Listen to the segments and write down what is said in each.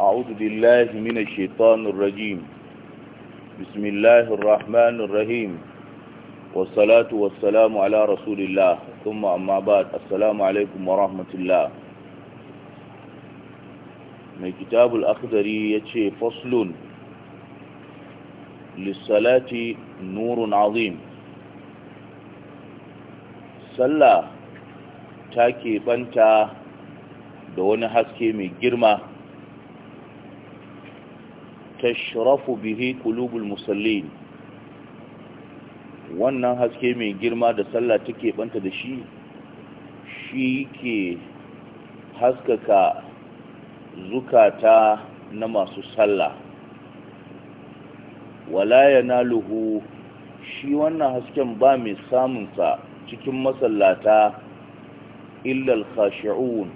أعوذ بالله من الشيطان الرجيم بسم الله الرحمن الرحيم والصلاة والسلام على رسول الله ثم أما بعد السلام عليكم ورحمة الله من كتاب الأخضري يتشي فصل للصلاة نور عظيم صلى take banta da wani haske mai girma تشرف به قلوب المسلين wannan haske mai girma da sallah take banta da shi shi ke haskaka zukata na masu sallah wala yanaluhu shi wannan hasken ba mai samun sa cikin masallata illal khashi'un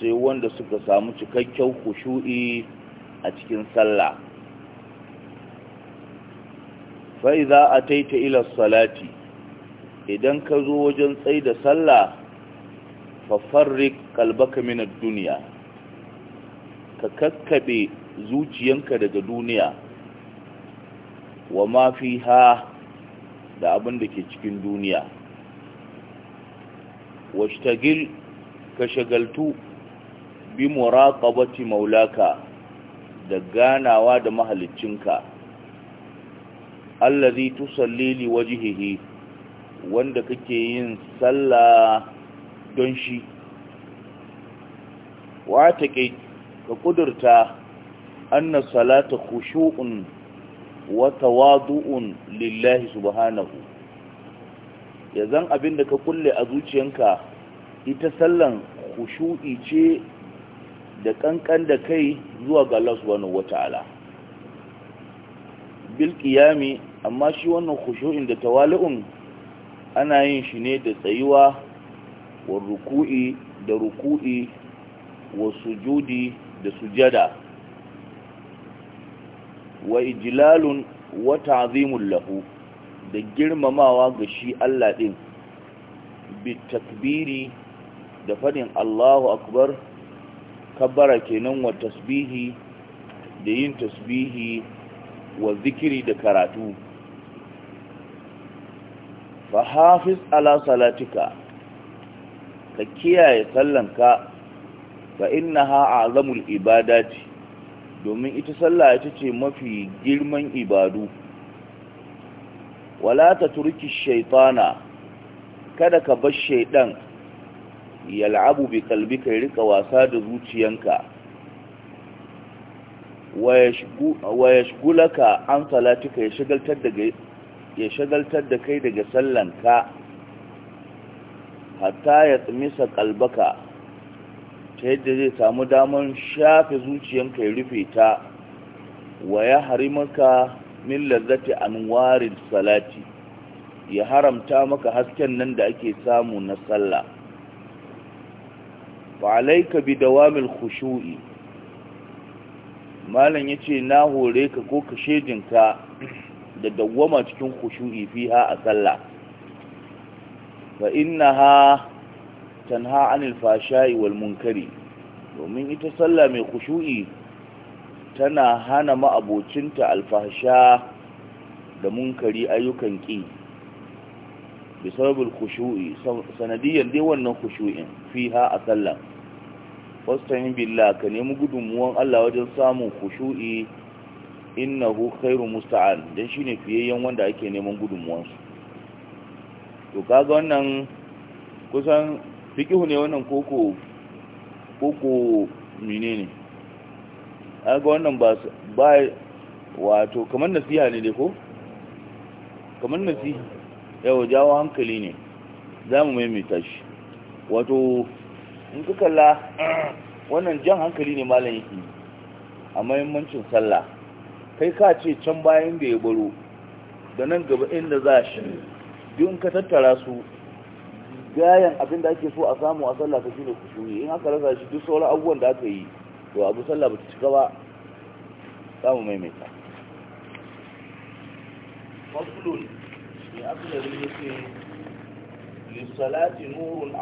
sai wanda suka samu cikakken khushu'i a cikin sallah za a taita ilar salati idan ka zo wajen tsaye da sallah fafarrik kalbaka minar duniya ka kakkaɓe zuciyanka daga duniya wa mafi ha da abin da ke cikin duniya washtagil ka shagaltu bi muraƙabati maulaka da ganawa da mahalicinka allazi tusalli li wajhihi wanda kake yin salla don shi wa take ka kudurta anna salata khushu'un wa tawadu'un lillahi subhanahu yanzu abinda ka kulle a zuciyanka ita sallan khushu'i ce da kankan da kai zuwa ga Allah subhanahu wata'ala bil qiyami amma shi wannan khushu'in da tawali'un ana yin shi ne da tsayuwa wa ruku'i da ruku'i wa sujudi da sujada wa ijlalun wa ta'zimun lahu da girmamawa ga shi Allah din bi takbiri da fadin Allahu akbar kabbara kenan wa tasbihi da yin tasbihi wa zikiri da karatu fa hafiz ala salatika ka kiyaye sallanka fa innaha azamul ibadati domin ita sallah ita ce mafi girman ibadu wala ta turki shaitana kada ka bar shaidan yal'abu bi kalbika rika wasa da zuciyanka wa yashgulaka an salatika ya shagaltar da ya shagaltar da kai daga sallanka hatta ya tsimisa kalbaka ta yadda zai samu damar shafe zuciyanka ya rufe ta wa ya harimaka min lazzati nuwarin salati ya haramta maka hasken nan da ake samu na sallah fa bi dawamil khushu'i malam yace na hore ka ko ka shedinka da dawwama cikin khushu'i fiha a sallah fa innaha tanha anil fashai wal munkari domin ita sallah mai khushu'i tana hana ma'abocinta alfahsha da munkari ayyukan ƙi بسبب الخشوع سنديا دي wannan khushu'in fiha a sallah wasta'in billah ka nemi gudunmuwan Allah wajen samun khushu'i innahu khairu musta'an dan shine fiyayyen wanda ake neman gudunmuwan su to kaga wannan kusan fikihu ne wannan koko koko menene kaga wannan ba ba wato kamar nasiha ne dai ko kamar nasiha yau jawo hankali ne za mu maimaita shi wato in ka kalla wannan jan hankali ne malam yake a mahimmancin sallah kai ka ce can bayan da ya baro da nan gaba inda za shi duk ka tattara su gayan abin da ake so a samu a sallah ka shine kushuri in aka rasa shi duk sauran abubuwan da aka yi to abu sallah ba ta cika ba za mu maimaita fasulun abdullahi ya ce lissalati nurun